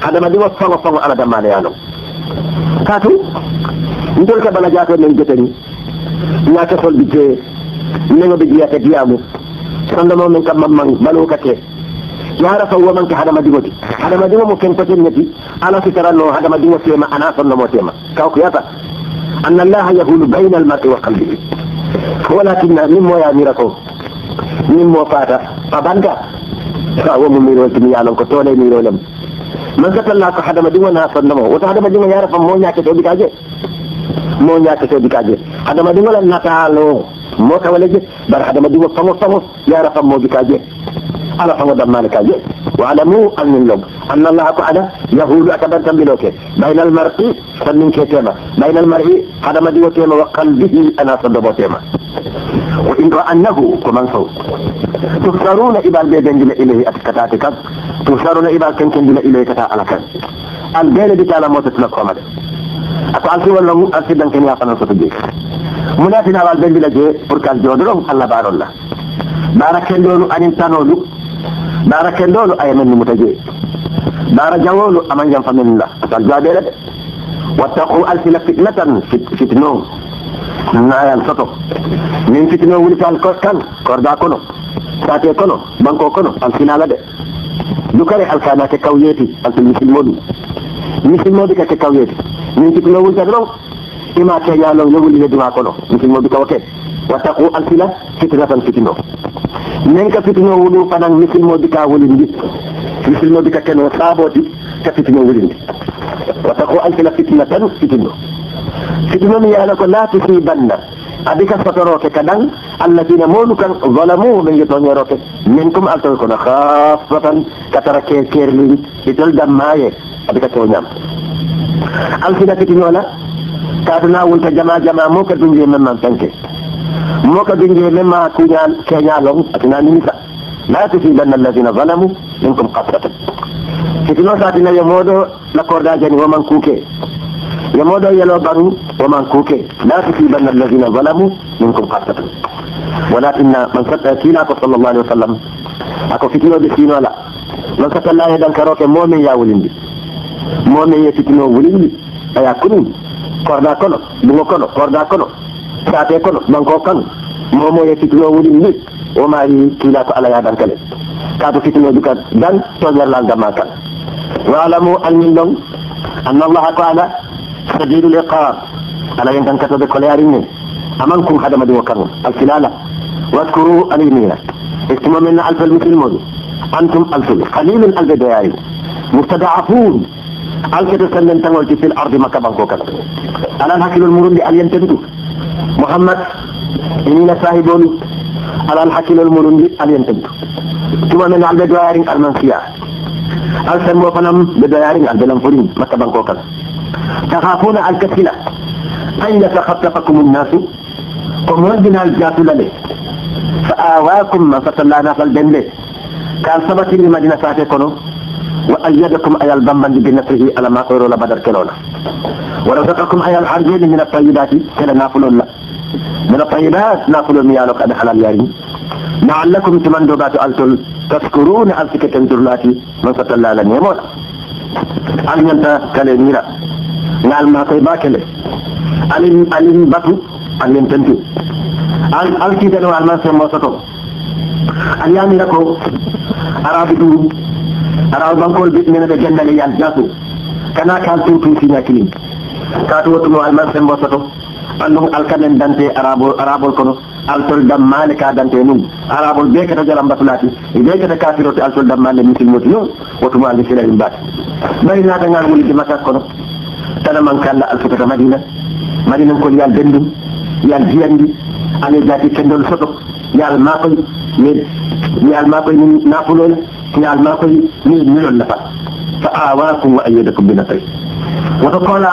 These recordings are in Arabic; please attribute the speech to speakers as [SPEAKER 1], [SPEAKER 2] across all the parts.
[SPEAKER 1] hadamadiŋo faŋo faŋo alla damaaleya loŋ kaatu ntolu ka bala jaatoo meŋ joteŋ naate fol bi jee meŋo bi jeyata diyaamu sandomoo meŋ ka mammaŋ baloo ka ke yaara fa woman ke hadamadiŋo ti hadamadiŋo mu kenkoten ne ti ala sitara noo hadamadiŋo teema anaa sonnomoo teema kawkuyata أن الله يهول بين المرء وقلبه ولكن مما يامركم مما فاتا فبانك فهو مميرون تميانا كتولي ميرولم man satalla ko hadamadiŋo naŋ fannamo woto hadamadiŋo ñaara fam moo ñaketo bi ka je moo ñaketo bi ka je hadamadiŋo la nataalo moo ka wala je bari hadamadiŋo faŋo faŋo ñaara fam moo bi ka je ala faŋo dammaani ka je واعلموا ان اللب ان الله تعالى يقول اتبنت بلوكه بين المرء فمن كتيما بين المرء هذا مدي وتيما وقلبه انا صدب تيما وان انه كمن فوق تفترون الى البيت اليه اتكتاتك tusaro na iba ken ken dina ile kata alaka al bele bi tala mota tula ko made ako al ti wala al ti dan ken ya fanan soto je munati na wal ben bi la je pour kal jodoro alla barolla bara ken dolu anin tanolu bara ken dolu ay men mu taje bara jawolu aman jam familla al jabele de واتقوا ألف فتنة فتنون نايان سطو من فتنون ولي كان كان كوردا كونو ساتي كونو بانكو كونو الفينال ده lu dukare alkanake kawyeti alto misilmo ɗum misilmoɓe kake kawyeti min sipino wulta ɗon ima keñano yowulli heddu ha kono misilmoɓe kawake wattaku alsila fitina tan fitino min ka fitino wuɗum fanan misilmoɓe ka wolindi misilmoɓe ka keno saaboti ka fitino wolindi wattaku alsila fitina tan fitino fitino mi yaala ko la tusibanna abika sotorote kadang alladina molu kan zalamu min yetoñorote minkum altoy kono khafatan katara ke kerlin itol dammaye abika toñam alfina kitiñola katana wonta jama jama mo ka dunje men man tanke mo ka dunje men ma kuñan keñalon atina nimisa la tusibanna alladina zalamu minkum qasratan kitino satina yomoɗo l'accordaji ani woman kuke يمودا يلو بانو ومن كوكي لا تصيبن الذين ظلموا منكم خاصة ولكن من ستا كينا صلى الله عليه وسلم أكو فتنو بسينو لا من ستا الله يدن كروك مؤمن يا ولندي مؤمن يفتنو ولندي أيا كنون كوردا كنو دمو كنو كوردا كنو ساتي كنو منكو كنو momo ye fitino wuri ni o mari kila ko ala ya dan kale ka to fitino duka dan to yer lan dama kan wa alamu an min dong anna allah ta'ala شديد الإقرار على إن كان كتب كل أرني أمامكم هذا ما وكرم الكلالة واذكروا الإبنية اجتماع منا ألف المسلمون أنتم ألف قليل ألف دياري مستضعفون ألف تسنن تنولتي في الأرض ما مكبان كوكب الآن هكذا المرون لأليم تنتو محمد إنينا صاحبون على الحكيم المرندي ألين تنتو كما من ألف دوارين المنسيا ألف وفنم بدوارين ألف دلم ما مكبان كوكب تخافون على الكسلة أن يتخطفكم الناس بنا الجات لله فآواكم من فتلانا لي كان صبتي لمدينة ساتي كنو وأيدكم أي البنبن بنفسه على ما قيروا لبدر كلونا ورزقكم أي الحرجين من الطيبات كلا نافلون لا من الطيبات نافلون ميالك أدى حلال يارين لعلكم تمن دوبات ألتل تذكرون ألتك تنزرلاتي من فتلانا نيمون أن كلا نيرا ngal ma koy bakele alin alin batu alin tentu al al ki dano al man mo soto al yani rako arabi du arabi bankol bit mena be gendale yal jasu kana kan tu tu sina kilin ka to to al man mo soto andum al kanen dante arabo arabo kono altol dammaane ka dante num arabol be kata jalam batulati e be kata kafiroti altol dammaane misil moti yo wotuma alisila himbaati bari naata ngal wuli di makkas kono talaman kalla alfotata madina madina kol yal denndum yal jiyandi ala jaati kendol soto yaal makoy ni yaal makoy ni nafulol yaal makoy ni milol nafa fa awakum wa ayyadakum bi nasri woto kola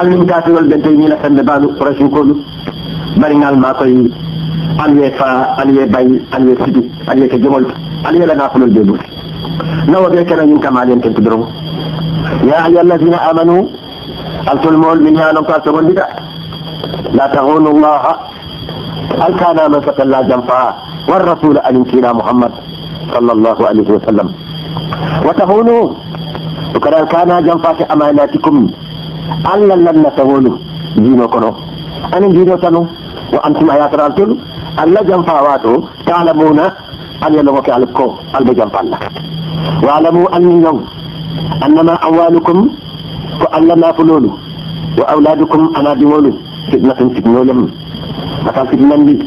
[SPEAKER 1] almin kafirol ɓen tawi nila fende baɗu quraisin koɗu barigal makoy alwe fa alwe bay alwe sidi alwe ke jomol alwe la nafulol be ɓuti nawo ɓe kena ñin kam aliyen tentu doron ya ayuha alladina amanu هل تلمون من يا لم كاسر البدع لا تغون الله هل كان من تقلى جنفا والرسول أن كنا محمد صلى الله عليه وسلم وتهونوا وكذا كان جنفا في أماناتكم ألا لن تهونوا دينكم كنو أنا دينو تنو وأنتم آيات رأيتم ألا جنفا واتوا تعلمون أن يلوك على الكو البجنفا واعلموا أن يوم أنما أموالكم ko allah naafololu wa awladukum anadiwolu fitnatin fitnolem akal fitnandi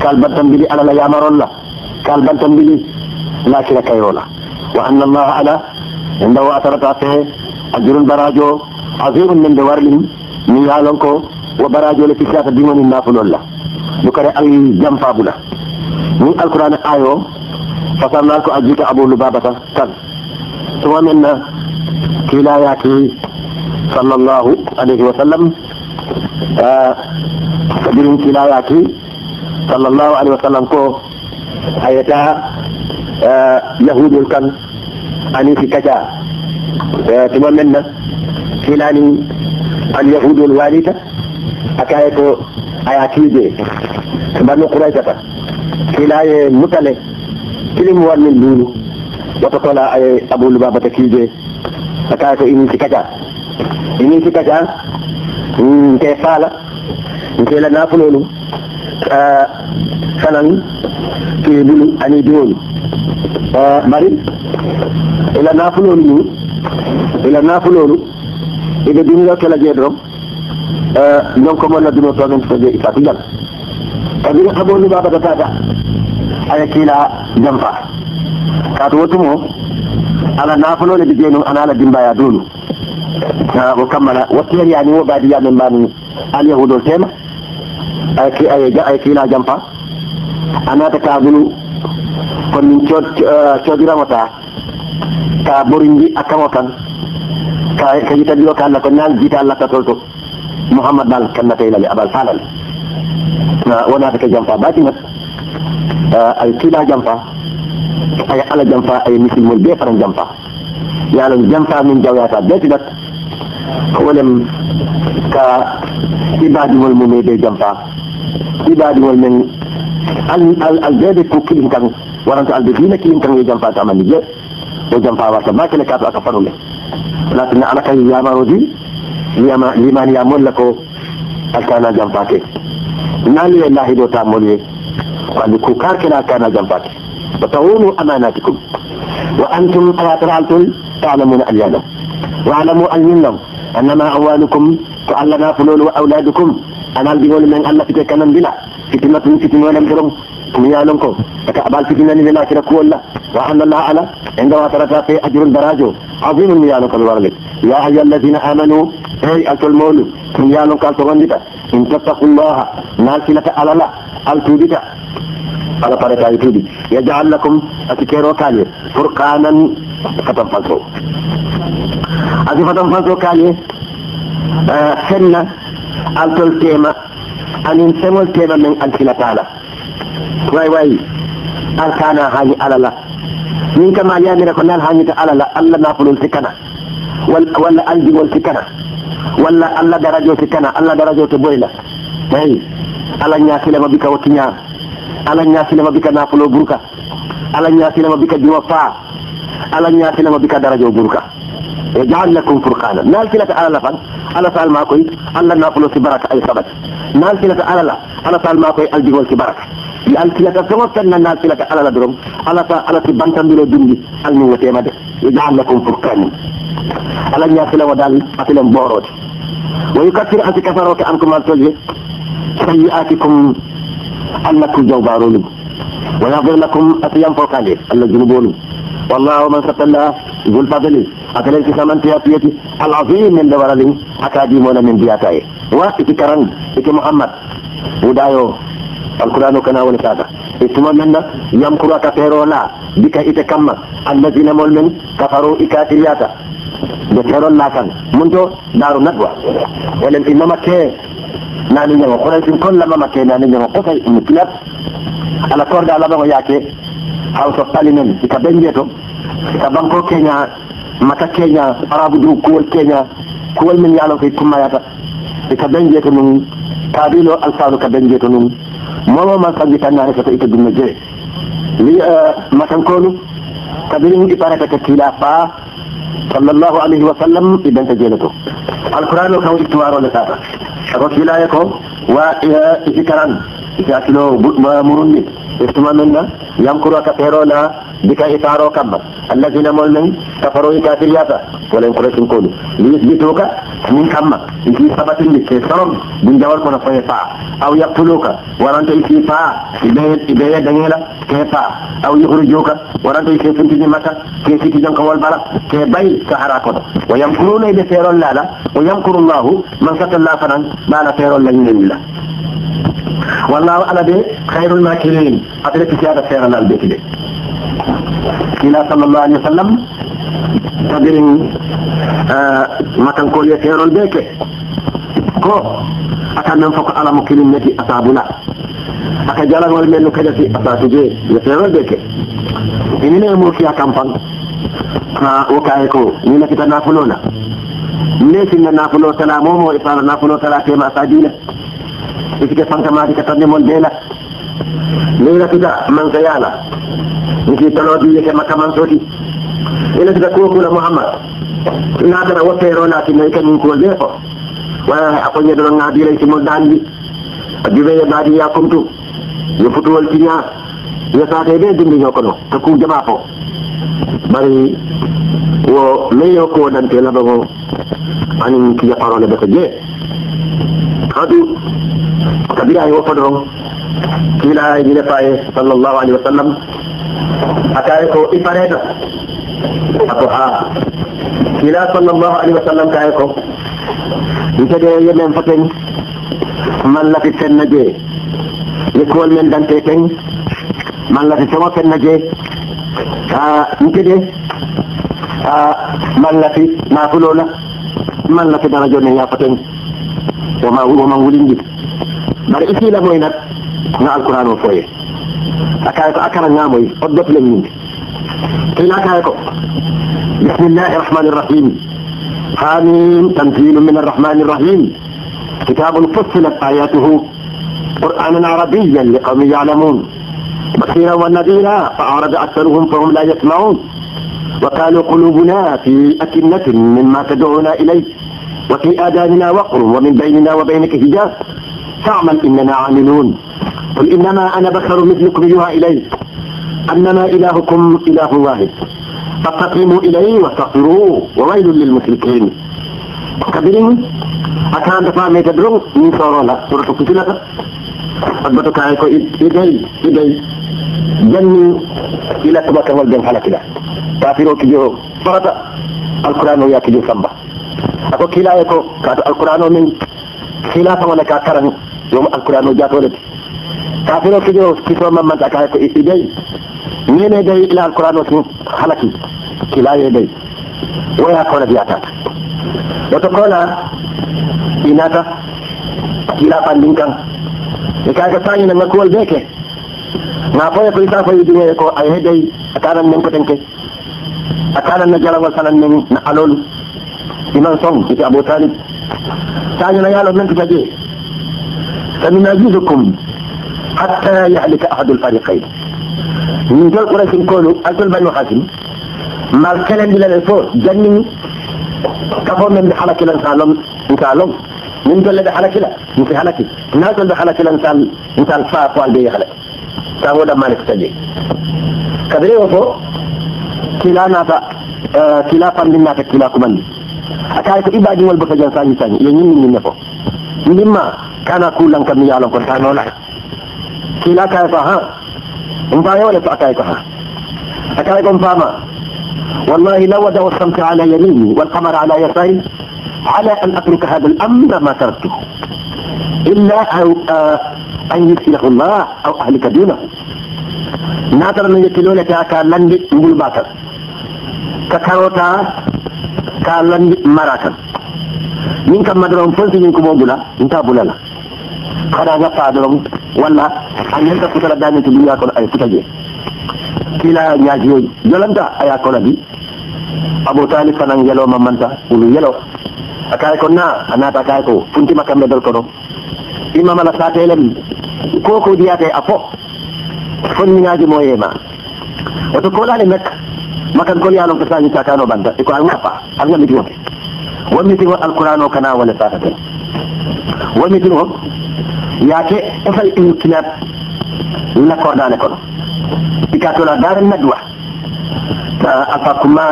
[SPEAKER 1] kal bantambili alala yamarolla kal bantambili lakira kayola wa anna allah ala indawo atarata fehe ajurun barajo azimun min de warlin min yalon ko wa barajo le fikrata dimoni nafololla dukare ay jam fabula ni alquran ayo fasarnal ko ajuta abu lubabata kan to wamenna kila yaki sallallahu alaihi wasallam kabirin eh, kinayaki sallallahu alaihi wasallam ko ayata eh, yahudul kan ani fi kaja tuma eh, menna kinani al yahudul walita akaye ko ayatije banu qurayshata kilaye mutale kilim warnin dulu wata kola ay abul babata kije akaye ko ini fi kaja emin cikkata nte faala ntela nafulolu fanan keedulu ani diwolu mari ila nafulolu ni ila nafulolu ede dunilo kela jeedorom donc mon adduno toomen toje ifatu jal kadi xaɓoolu babata tata aya kiila jam fa kaatu wotumo ala nafulole de jeenu ana ala dimbaya dolu وكمل والسيرياني وبعد من بني اليهود التيمة أي كيلا جنفا أنا تكابل كن من شود رمتا كابورنجي أكموتا كيتدلو كان لكن نال جيتا الله تطلتو محمد بال كنا تيلا لأبال فعلا وانا تكجنفا باتنا أي كيلا جنفا أي على جنفا أي مثل ملبية فرن جنفا يعني جنفا من جوياتا بيتدت ولم ka ibadi wal mu mede jampa ibadi wal men al al al gade ko kilin kan waranta al dina kilin kan ye jampa ta mani je o jampa wa ta makale ka ta faru le lakin ana kai ya marodi yama liman ya mulla ko akana jampa ke nali wallahi do ta mulye wal ku kar kana kana jampa ke فتعونوا أماناتكم وأنتم ألا تعلمون أن يعلم واعلموا أن يعلم انما اموالكم تعلمها فلول واولادكم انا البيول من الله في كنان بلا في كلمة في كلمة ولم ترم كم يعلمكم فكأبال في كنان لنا كنا كول لا وأن الله على عندما ترتا في أجر البراجو عظيم من يعلمكم الورلك يا أيها الذين آمنوا هي ألت المول كم يعلمك ألت غندك إن تتقوا الله نالك لك على الله ألت على طريقة يجعل لكم أتكير وكالي فرقانا fata faso ati fata faso kañe eh, henna altol tema anin semol tema men tala way way alkana hani alala min kama yamira ko nal hanita alala allah nafulol wala walla aljigol sikana walla allah darajo sikana allah darajo to boyla eyi ala ñasilema bika wo tiña ala ñasilema bika nafulo burka ala ñasilema bika juma faa ala ñaatila ma bika darajo burka wa ja'al lakum furqana nal tilata ala lafan ala sal ma koy alla na fulo ci baraka ay sabat nal tilata ala la ala sal ma koy al digol ci baraka li al tilata sama tan nal tilata ala la dorom ala ta ala ci bantandiro dundi al ni wote ma de wa ja'al lakum furqana ala ñaatila wa dal atilam boroti wa yukathiru anti kafaroka ankum al toje sayyi'atikum annakum jawbarun ويغفر لكم أتيام فوق عليه الله جنوبون والله من ستلا ذو الفضل أكلك سمن تياتيتي العظيم من دورالي أكاديمون من بياتاي وإتي كرن إتي محمد ودايو القرآن كنا ونسادا إتما منا يمكرا كفيرو بك إتي الذين مؤمن كفروا إكاترياتا بكيرو لا منذ دار الندوة ولم إمام كي ناني نيو قرأت كل ما كي ناني نيو قصي مكلاب على كورد على بغو ياكي hausa salinen ita benje to ita banko kenya mata kenya arabu du kuwol kenya kuwol min yalon koye tummayata ita benje to num kabilo alfanu ka benje to num momo man sanji tannani koto ita dunno jee li matankolu kabirin iparata ka kiila faa sallallahu alayhi wa sallam ibenta jeele to alqouran o kan woni tuwarole tata ako kiilaye ko wa isi karan isi hakkilo murundi استما يمكروا كثيرا بك إثارو كما الذين مولن كفروا كافر يافا ولا يمكروا كوني ليثبتوك من كما إنتي سبت لك سرم من جوال كنا فيفا أو يقتلوك ورانت إنتي فا إباية دنيلا كيفا أو يخرجوك ورانت إنتي سنتي مكة كيفي تجنك والبلا كيباي سهرا كنا ويمكرون إذا ثيرا لا ويمكر الله من قتل الله فنان ما لا ثيرا لا ينين الله والله أنا بي خير الماكرين أدرك زيادة خير أنا البيت دي إلى صلى الله عليه وسلم تدرين آه ما تنقول يا خير البيت كو أكا من فوق على مكلمة أصابنا أكا جلال والمين كده في أساسجي يا خير البيت إننا يمرك يا كمفان وكايكو نينا كتا نافلونا ليس إننا نافلو سلامهم وإصال نافلو سلامهم أساجينا isiga fankamaatika tanne mon tolong dia ke makam taloodiyeke ini mansoti kuku kuwokula muhammad naatara wotteero laatinna ika min kuwol ɓee fo waya a koñe ɗono ŋaabiray simol ɗaandi a duweye badi ya kumtu yo futuwol tiña yo saate ɓe yo kono ta ku jama ko bari wo meyo ko dante ani ki ya parole be ko je hadu kabila wo fodorong kila ñine faye sallallahu alayhi wa sallam akaye ko i pareta ako a ah, kila sallallahu alayhi wa sallam ko nkede yemen fo man lati ten na jee yekkuwol men dante ten man lati tomo ten na jee a nkede a man lati nafulola man lati darajo ne yaa fo ten woma woman wulindi بسم isi la moy nak na alquran foye akay ko akara nga moy odot la te la kay ko bismillahir rahmanir rahim تنزيل من الرحمن الرحيم كتاب فصلت آياته قرآنا عربيا لقوم يعلمون بصيرا ونذيرا فأعرض أكثرهم فهم لا يسمعون وقالوا قلوبنا في أكنة مما تدعونا إليه وفي آذاننا وقر ومن بيننا وبينك حجاب تعمل إننا عاملون قل إنما أنا بشر مثلكم يوها الي أنما إلهكم إله واحد فاستقيموا إليه واستغفروه وويل للمشركين كبيرين أكان دفاع ما يتدرون من صورة لا سورة كتلة أدبتو كايكو إيدي إيدي جني إلى تبكى والجنحة لكلا كافروا كجيرو فرطة القرآن ويا كجيرو سمبا أكو كلا القرآن من خلافة ولكا كرن yo alqur'ano jatolete kafiro kijo kiso mamanta kay ko isi dey ñene dey ila alqur'ano tin halaki kilaye dey waya kona biyata woto kona inata kila pandin kan e kay ko sañi na ngakuwol beke na foye ko isa foye dinge ko ay hedey atanan men ko tenke atanan na jalangol sanan men na alol iman song ite abou talib sañi na yalo men ko jaje سننازعكم حتى يهلك أحد الفريقين من جل قريش نقولوا أتل بنو حاتم ما الكلام إلى الفور جنني كفر من بحلك الانسان انسان من جل بحلك لا في حلك نازل بحلك الانسان انسان فاق والبي يحلك كان هذا ما نستجي كبري وفو كلا نافا آه، كلا فان لنا كلا كمان أكارك إبادي والبكجان ساني ساني ينين من نفو lima kana kulang kami ya Allah Quran oleh kila kaya faham umpaya wala tak kaya faham akala kumpama والله لو وضع الشمس على يميني والقمر على يساري على أن أترك هذا الأمر ما تركته إلا أو أن يسله الله أو أهلك دونه ناتر من يتلون كاكا لندي مبلباتا كاكاروتا كالندي مراتا min kam madron fon sinin kumo bula nta bulala kada ga fa dorom walla an yanta kutala dani to duniya ko ay kutaje kila nyaaji yoy yolanta aya ko nabi abu talib fanan yelo mamanta ulu yelo akay ko na anata kay ko funti makam medal ko do imam ala satelem ko ko diyate afo fonni nyaaji moyema ya, wato ko la mek makan ko yalon ko sanyi kano banda iko an apa? an ngam diwote ومثل يقولون كنا ولا فاهد ومثلهم ياتي يقولون ان يقولون لا كورنا لكم ديكاتولا دار يقولون فاقاكما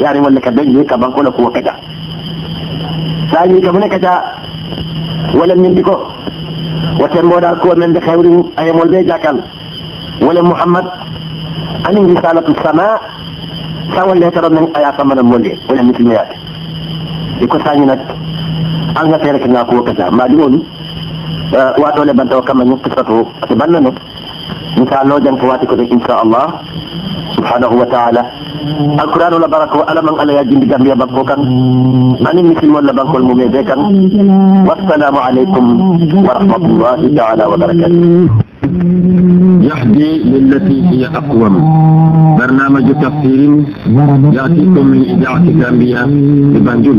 [SPEAKER 1] يعني ولا كبني كما يقولون لك وكدا ثاني كما نكدا يقولون من ديكو وتمودا كو من يقولون اي مول دي جاكل ولا يقولون ان رساله السماء سوى اللي يقولون من اياك من المولد ولا يقولون ما ياتي iko sañi nag engagére ke ngakuwo kata mbaɗi on waɗole banta o kamma ñekkitoto ate banna no misalo jang ko wati koto inchallah subhanahu wa taala alquran ola baraka o alaman ala ya jindi gambiya banko kan mani misilmol la bankol mum e ɓe kan wassalamu aleykum wa rahmatullahi taala wa barakatuh يهدي للتي هي أقوم برنامج تفسير يأتيكم من إذاعة الأنبياء ببنجول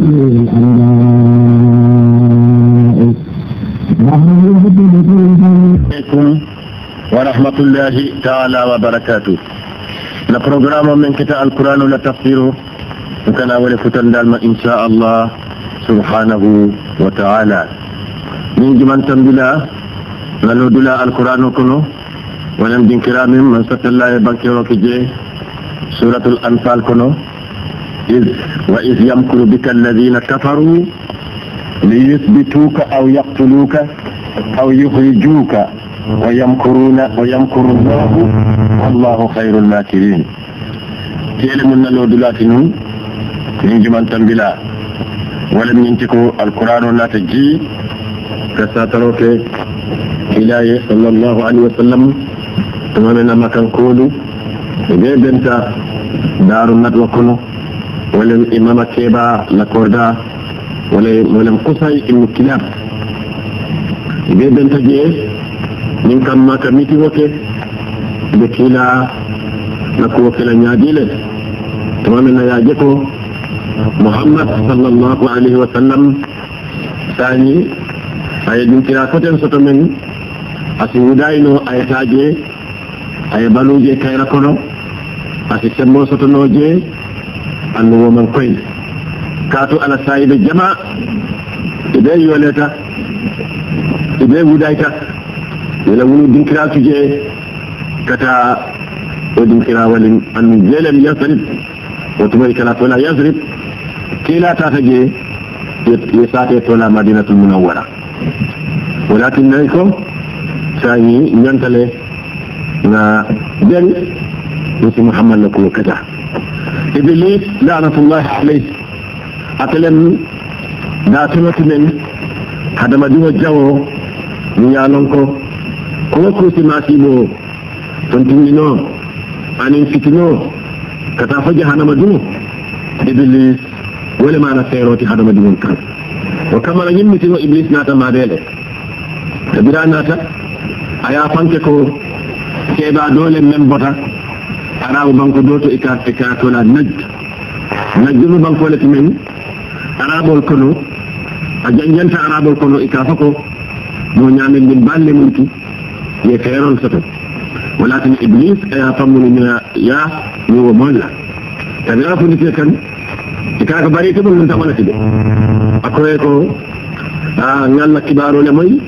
[SPEAKER 1] عليكم ورحمة الله تعالى وبركاته لبرنامج من كتاب القرآن لتفسيره وكان أول فتن دالما إن شاء الله سبحانه وتعالى من جمان تنبلا lalo dula alqur'anu kono wonam din kiramim man sattallahi bankiro ke je suratul anfal kono iz wa iz yamkuru bika alladhina kafaru liyuthbituka aw yaqtuluka aw yukhrijuka ويمكرون ويمكر الله والله خير الماكرين تيل من لو دلاتي نون نجمان تنبلا ولم ينتكو القرآن ناتجي كساتروكي الله hilaye sallallahu alaihi wasallam tuma mena كان koolu be بنتا دار natwa kono ولا إمام كيبا لكوردا ولا ولا قصي إن كلاب إذا بنت جيس من كم ما ميتي وكي بكيلا نكو وكيلا نياديل تمام نياجكو محمد صلى الله عليه وسلم ثاني أي بنت لا فتن ستمن asi hudayino aye taje aye baluje kayra kono asi sembo sotonoje annu woman koyne kaatu ala sayiɓe jama eɓe yoleta eɓe wudayta yela wulu dinkiratuje kata o dinkira walin andu jeelem yasrib wotumoy kala tola yasrib kila tata je ye sate tola madinatul munawwara walatin nayi ko sanyi nyantale na ben musi muhammad la ko kata iblis la'natullah alayh atelem da tunati men hadama diwa jawo ni yalon ko ko ko si ma si bo ton tinino anin fitino kata fa jahannama dunu iblis wala mana feroti hadama dimun kan wa kamala nyimmi tino iblis nata ma dele tabira nata a ye a fanke ko keɓa dole men bota arabu banko do to ika e ika e tola najd najdunu banko le timen arabol kono a janjanta arabol kono ika e fako mo ñamen min balle mum keerol ye feerol soto walakin iblis aya fammuni ya ya yowo molla tabi a funike kan ika ko bari tebol num tawalati de akoye ko a ngalla kibarole moyi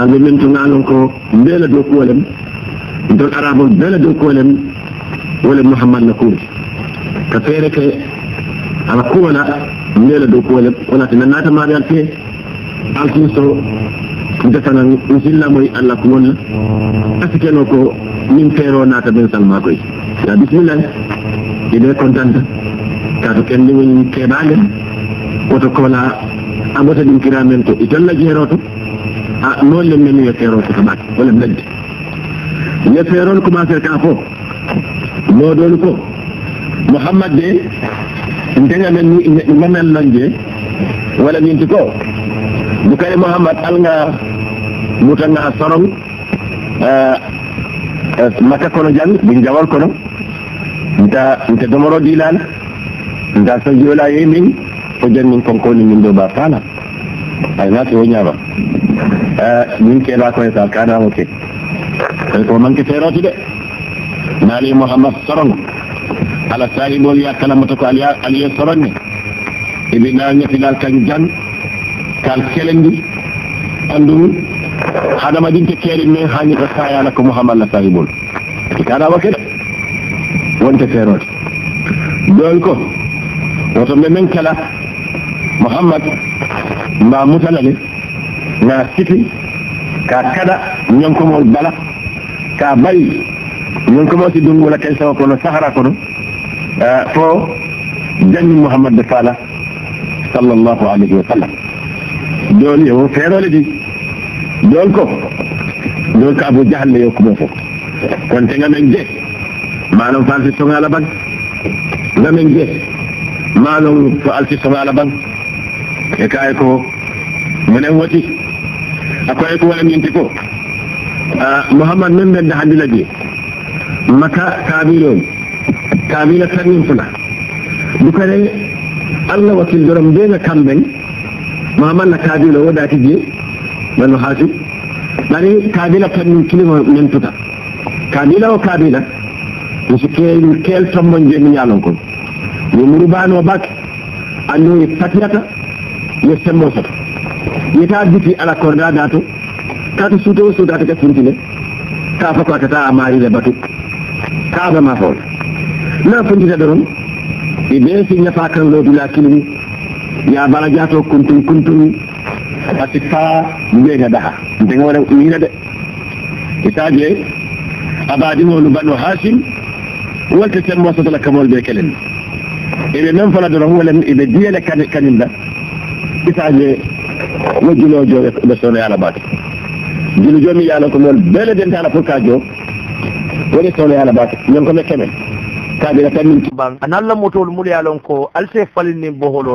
[SPEAKER 1] andu min to ngalon ko bela do kolem don arabo bela do kolem wala muhammad na kuuri ka feere ke ala kuwala bela do kolem wonati na nata maari al fee alkiso defana misilla moy allah ko wonna asikeno ko min feero naata ben salma koy ya bismillah ide contanta kato ken ɗumen keɓagen woto kola a ɓota ɗum kiramen to la jeeroto noonu ah, leen leen yeteeroo ko tabaat wala mbedd yeteeroon commencé kaa fo loo doon ko muhammad de ndega mel nanel lanje wala ninti ko bu kay muhammad al nga muta nga sorong eh, eh, maka kono jang bin jawal kono nta nta domoro dilan nta so jola yemin ko jannin konko ni min do ba tala ay na to nyaaba min ke la koy sal kana mo ke ko man ke teroti de nali muhammad saron ala sahibol ya kalamata ko aliya aliya saron ne ibi na nyati dal kan jan kal kelendi andum hadama din te keri me hani ka saya la ko muhammad la sahibol kana wa ke wonte teroti dol ko woto men kala muhammad ma mutalale ma siti ka kaɗa ñonkomol bala ka bayi ñonkomo si dungu wala kañ sawa kono sahara kono e, fo janni mouhamad de fala sallllahu alayhi wa sallam joni yo feerole di jon ko jon ko abou diahalle yo kumo fof kon te ngamen je manon fa alti soŋala ban ngamen je manon fo alti soŋala ban e kay ko minen woti akoye ko wala ñinti ko muhammad min ɓedde haddila je maka kabilol kabila tanin fula dukane allah wakil dorom mbena kamɓen muhammad na kabila o dati je banu hasim ɗani kabila tanin kilimo men tuta kabila o kabila musu ke kel tommon je mi yalon kon yo murubano bak annoye fatiyata yo sembo soto yeta biti ala korda dato katu suto sudata ka sintine ka fa ko ta amari le batu ka ba ma fo na funtita doron e be si nyafa kan lo dula kilimi ya bala jato kuntum kuntum ati fa be ga daha de ngore ni de itaje abadi mo lu banu hashim walta tan wasata la kamol be kelen e be men fala doron wala e be diele kan kaninda itaje no julo jo ɓe sono yaala baate julo jomi yaala ko noon bele dente ala pour ka jo woni sono yaala baate ñon ko mi kemen kaɓira tanmin ban anallamotol mulyalon ko alte falini boholo